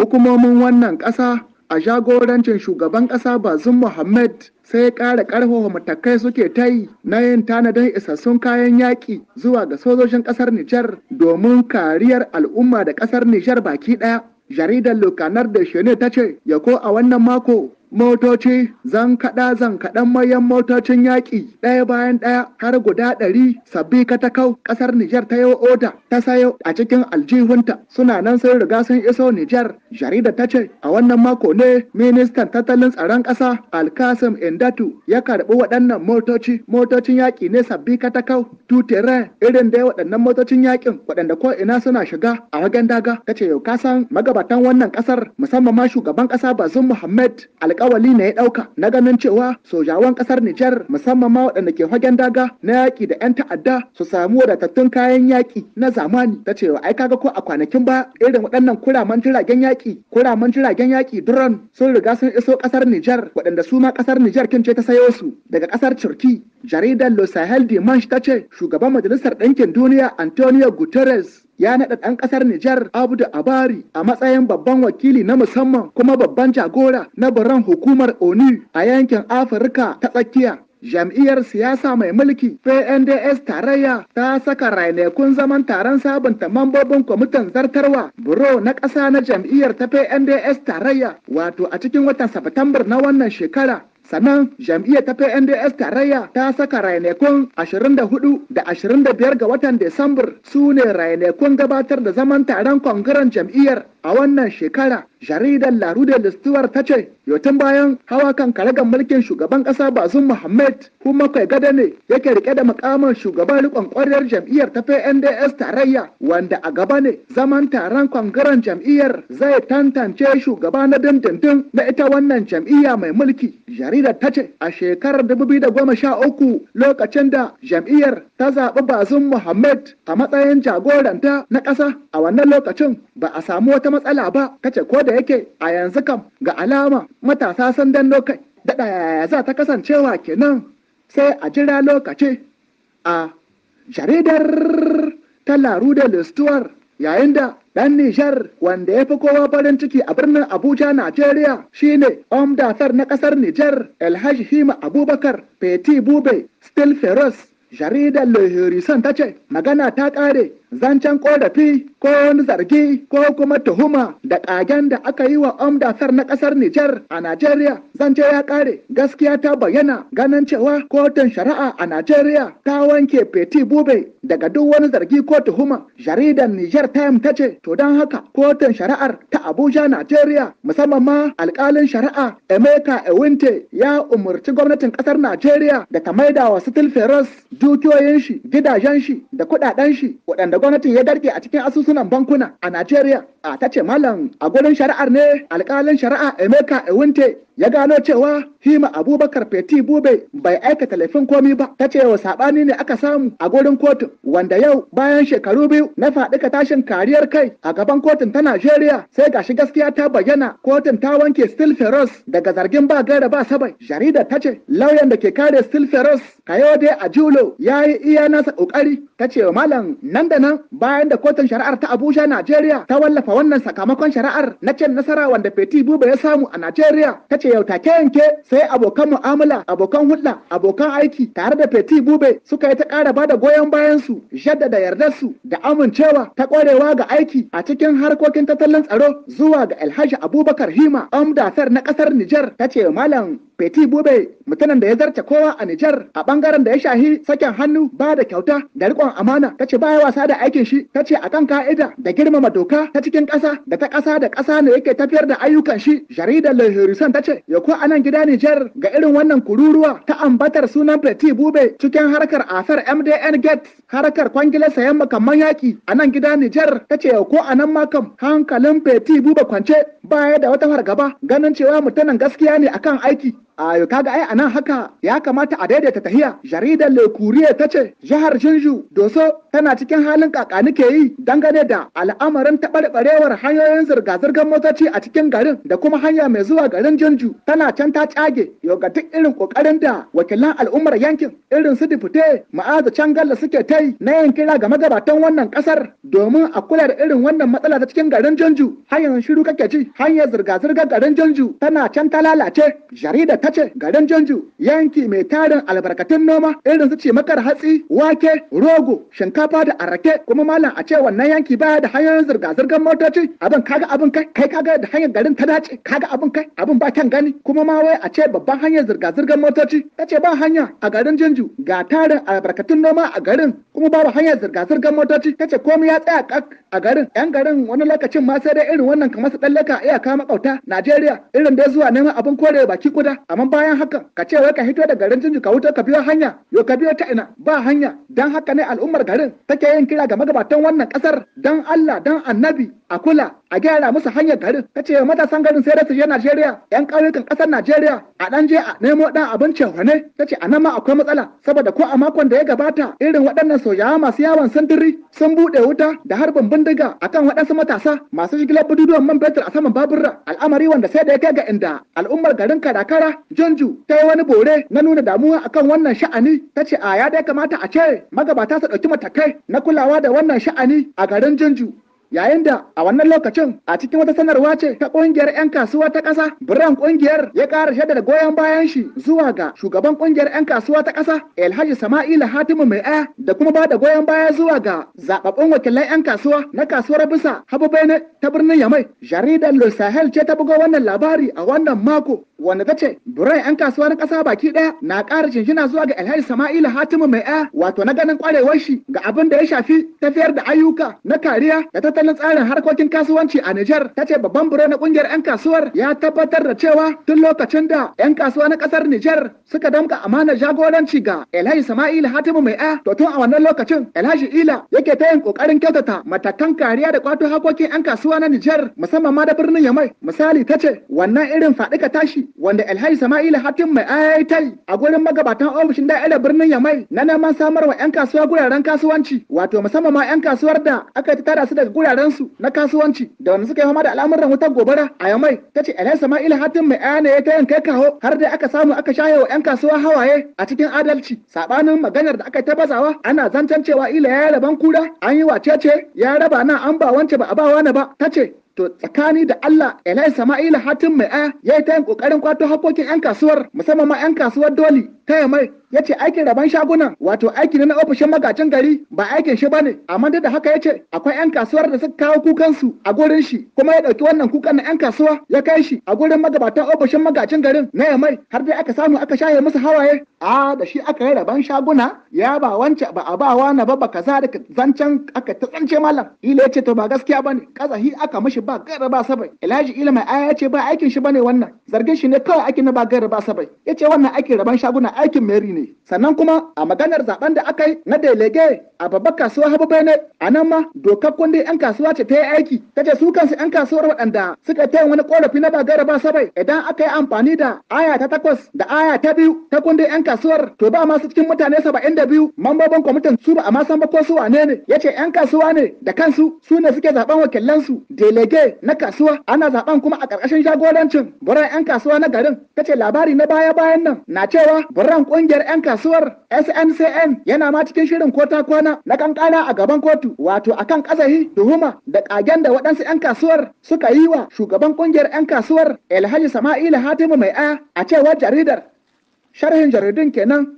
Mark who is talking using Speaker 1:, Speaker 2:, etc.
Speaker 1: Hukumomin wannan ƙasa a jagorancin shugaban ƙasa bazin Mohammed sai ƙara ƙarfafa matakai suke ta yi na yin tanadin isassun kayan yaƙi zuwa ga sojojin ƙasar Nijar domin kariyar al'umma da ƙasar Nijar baki ɗaya. Jaridar Lokanar da Shene ta ce, Yako a wannan mako motoci zan kaɗa zan kaɗan mayan motocin yaƙi ɗaya bayan ɗaya har guda ɗari sabbi katakau ƙasar Nijar ta yi oda ta sayo a cikin aljihunta suna nan sun riga sun iso Nijar jarida ta ce a wannan mako ne ministan tattalin tsaron ƙasa Alkasim Indatu ya karɓi waɗannan motoci motocin yaƙi ne sabbi katakau tutere irin da waɗannan motocin yaƙin waɗanda ko ina suna shiga a wajen daga ta ce yau kasan magabatan wannan ƙasar musamman ma shugaban ƙasa Bazum Muhammad al alkawali ne ya ɗauka na ganin cewa sojawan ƙasar Nijar musamman ma waɗanda ke hagen daga na yaƙi da 'yan ta'adda su samu wadatattun kayan yaƙi na zamani ta cewa ai kaga ko a kwanakin ba irin waɗannan kuraman jiragen yaƙi kuraman jiragen yaƙi drone sun riga sun iso ƙasar Nijar waɗanda su ma ƙasar Nijar kin ce ta sayo su daga ƙasar Turki Jaridar Los Sahel Dimanche ta ce shugaban Majalisar Ɗinkin Duniya Antonio Guterres ya naɗa ɗan ƙasar Nijar Abdu Abari a matsayin babban wakili na musamman kuma babban jagora na baron hukumar ONU a yankin Afirka ta tsakiya. Jam'iyyar siyasa mai mulki PNDS tarayya ta saka rainakun zaman taron sabunta mambobin kwamitin zartarwa buro na ƙasa na jam'iyyar ta PNDS tarayya wato a cikin watan Satumbar na wannan shekara sannan jam'iyyar ta PNDS tarayya ta saka rainakun 24 da 25 ga watan Desambar su ne rainaikun gabatar da zaman taron kongaren jam'iyyar a wannan shekara jaridar larude listuwar ta ce yotin bayan hawa kan karagar mulkin shugaban kasa bazum Muhammed kuma kai gada ne yake rike da mukamin shugaban rikon kwarar jam'iyyar ta pnds tarayya wanda a gaba ne zaman taron kwangaren jam'iyyar zai tantance shugaba na dindindin na ita wannan jam'iyya mai mulki jaridar ta ce a shekarar da goma sha uku, lokacin da jam'iyyar ta zaɓi bazum Muhammed a matsayin jagoranta na ƙasa a wannan lokacin ba a samu wata matsala ba kace ko da da yake a yanzu kam ga alama matasa sun dan lokaci daɗa yaya za ta kasancewa kenan sai a jira lokaci a jaridar ta laru da listuwar yayin da ɗan Nijar wanda ya fi kowa farin ciki a birnin Abuja, Najeriya shine Omdatar na ƙasar Nijar Alhaji Hima Abubakar Feti Bube Still Feroz jaridar Le ta ce magana ta ƙare zancen korafi ko wani zargi ko kuma tuhuma da ƙagen da aka yi wa omdasar na ƙasar Nijar a Najeriya zance ya ƙare gaskiya ta bayyana ganin cewa kotun shari'a a Najeriya ta wanke Feti Bube daga duk wani zargi ko tuhuma jaridar Nijar Time ta ce to don haka kotun shari'ar ta Abuja Najeriya musamman ma alƙalin shari'a Emeka Ewinte ya umarci gwamnatin ƙasar Najeriya da ta maida wa Sitil Feroz dukiyoyin shi gidajen shi da kuɗaɗen shi waɗanda gwamnatin ya darge a cikin asusunan bankuna a Najeriya. A ta ce malam a gurin shari'ar ne alƙalin shari'a Emeka Ewinte ya gano cewa Hima Abubakar Feti Bube bai aikata laifin komi ba ta cewa saɓani ne aka samu a gurin kotu. wanda yau bayan shekaru biyu na faɗika tashin kariyar kai a gaban kotun ta Najeriya sai gashi gaskiya ta bayyana kotun ta wanke Steel Feroz daga zargin ba gaira ba sabai jaridar ta ce lauyan da ke kare Steel Feroz Kayode Julo ya yi iya nasa kokari ta ce malam nan da nan bayan da kotun shari'ar ta Abuja Najeriya ta wallafa wannan sakamakon shari'ar na cin nasara wanda Feti Bube ya samu a Najeriya ta ce yau take yanke sai abokan mu'amala abokan hulɗa abokan aiki tare da feti bube suka yi ta ƙara ba da goyon bayan su jaddada yardar su da amincewa ta ƙwarewa ga aiki a cikin harkokin tattalin tsaro zuwa ga alhaji abubakar hima amdasar na ƙasar nijar ta ce malam Feti Bube mutumin da ya zarce kowa a Nijar a bangaren da ya shahi sakin hannu ba da kyauta da rikon amana ta ce baya wasa da aikin shi ta ce akan ka'ida da girmama doka ta cikin ƙasa da ta ƙasa da ƙasa ne yake tafiyar da ayyukan shi jaridar Le Horizon ta ce ya ko anan gida Nijar ga irin wannan kururuwa ta ambatar sunan Feti Bube cikin harkar asar MDN Gate harkar kwangilar sayan makamman Yaki, a nan gida Nijar ta ce ko a nan makam hankalin Feti Bube kwance baya da wata fargaba ganin cewa mutanen gaskiya ne akan aiki a kaga ai anan haka ya kamata a daidaita tahiya jaridar le kuriya ta ce jihar jinju doso tana cikin halin kakani ke yi dangane da al'amarin taɓarɓarewar hanyoyin zirga-zirgar motoci a cikin garin da kuma hanya mai zuwa garin jinju tana can ta cage yau ga duk irin kokarin da wakilan al'ummar yankin irin su difite ma'aza galla suke ta yi na yin kira ga magabatan wannan ƙasar, domin a kula da irin wannan matsala ta cikin garin jinju hanyar shiru kake ci hanyar zirga-zirgar garin jinju tana can ta lalace jarida ta ce garin janju yanki mai tarin albarkatun noma irin su ce makar hatsi, wake, rogo, shinkafa da arake kuma malam a ce wannan yanki baya da hanyoyin zirga-zirgar motoci abin kaga abin kai kai kaga da hanyar garin ta dace kaga abin kai abin ba kan gani kuma ma wai a ce babban hanyar zirga-zirgar motoci ta ce ba hanya a garin janju ga tarin albarkatun noma a garin kuma babu hanyar zirga-zirgar motoci ta ce komai ya tsaya kak a garin yan garin wani lokacin ma sai dai irin wannan kamar su ɗan iya iyaka makauta Najeriya irin dai zuwa neman abin kore baki kuda amma bayan hakan ka ce wai ka hito da garin jinju ka wuce ka biyo hanya yo ka biyo ta ina ba hanya dan haka ne al'ummar garin take yin kira ga magabatan wannan kasar dan Allah dan annabi a kula a gyara musu hanyar garin ta ce matasan garin sai da su je Najeriya yan ƙauyukan ƙasar Najeriya a dan je a nemo dan abincin wane ta ce a nan ma akwai matsala saboda ko a makon da ya gabata irin waɗannan soyawa masu yawon sandiri sun buɗe wuta da harbin bindiga A kan waɗansu matasa masu shigilar bududuwan man betur a saman babura al'amari wanda sai da ya kai ga inda al'ummar garin Karakara Jonju ta yi wani bore na nuna damuwa akan wannan sha'ani ta ce a ya dai kamata a ce magabata su ɗauki matakai na kulawa da wannan sha'ani a garin Jonju yayin da a wannan lokacin a cikin wata sanarwa ce ta kungiyar 'yan kasuwa ta ƙasa biran kungiyar ya ƙara shaida da goyon bayan shi zuwa ga shugaban kungiyar 'yan kasuwa ta ƙasa Alhaji Sama'ila Hatimu mai aya da kuma ba da goyon baya zuwa ga zababbun wakilan 'yan kasuwa na kasuwar bisa Habu habubai ta birnin Yamai jaridar lo Sahel ce ta bugo wannan labari a wannan mako wanda ta ce burai 'yan kasuwa na ƙasa baki ɗaya na ƙara shinshina zuwa ga alhaji sama'ila hatimu mai ɗaya wato na ganin kwarewar shi ga abin da ya shafi tafiyar da ayyuka na kariya da tattalin tsarin harkokin kasuwanci a Nijar ta ce babban burai na ƙungiyar 'yan kasuwar ya tabbatar da cewa tun lokacin da 'yan kasuwa na kasar Nijar suka damka amanar jagoranci ga alhaji sama'ila hatimu mai ɗaya to tun a wannan lokacin alhaji ila yake ta yin ƙoƙarin kyautata matakan kariya da kwato harkokin 'yan kasuwa na Nijar musamman ma da birnin Yamai misali ta ce wannan irin faɗi ka tashi wanda Alhaji Sama'ila Hatim mai ayatai a gurin magabatan ofishin da'ira birnin Yamai na neman samar wa 'yan kasuwa guraren kasuwanci wato musamman ma 'yan kasuwar da aka tara su daga guraren su na kasuwanci da wanda suka yi fama da al'amuran wutar gobara a Yamai ce Alhaji Sama'ila Hatim mai ne aya ya ta yin kai kawo har dai aka samu aka shaye wa 'yan kasuwa hawaye a cikin adalci Saɓanin maganar da aka ta bazawa ana zancen cewa ila ya raban kura an yi wacece ya raba na an ba wance ba a ba wani ba Ta ce. To tsakani da Allah Elai Sama'ila Hatim mai aya ya yi ta yin ƙoƙarin kwato hakokin 'yan kasuwar musamman ma 'yan kasuwar doli ta mai ya ce aikin rabon shagunan wato aiki ne na ofishin magajin gari ba aikin shi bane amma duk da haka ya ce akwai yan kasuwar da suka kawo su a gurin shi kuma ya ɗauki wannan kukan na yan kasuwa ya kai shi a gurin magabatan ofishin magajin garin na mai, har dai aka samu aka shaye musu hawaye a da shi aka yi rabon shaguna ya ba wance ba a ba wani ba kaza da zancen aka ta tsance malam ila ya ce to ba gaskiya bane kazahi aka mishi ba kada ba sabai ilaji mai aya ce ba aikin shi bane wannan zargin shi ne kawai aikin na ba gaira ba sabai ya ce wannan aikin raban shaguna aikin meri ne sannan kuma a maganar zaben da aka yi na delege a babbar kasuwa habu bene a nan ma dokar kundin yan kasuwa ce ta yi aiki ta ce su kansu yan kasuwar waɗanda suka ta wani ƙorafi na ba gaira ba sabai idan aka yi amfani da aya ta takwas da aya ta biyu ta kundin yan kasuwar to ba masu cikin mutane saba'in da biyu mambobin kwamitin su ba a ma san ba ko su wane ne ya ce yan kasuwa ne da kansu su ne suke zaben wakilansu delege na kasuwa ana zaben kuma a ƙarƙashin jagorancin buran 'yan kasuwa na garin ta ce labari na baya-bayan nan na cewa buran kungiyar 'yan kasuwar SNCN yana ma cikin shirin kota kwana na kankana a gaban kotu wato a kan kazahi tuhuma da kagen da waɗansu 'yan kasuwar suka yi wa shugaban kungiyar 'yan kasuwar elhaji sama'ilu Hatimu mai aya a cewar jaridar sharhin jaridun kenan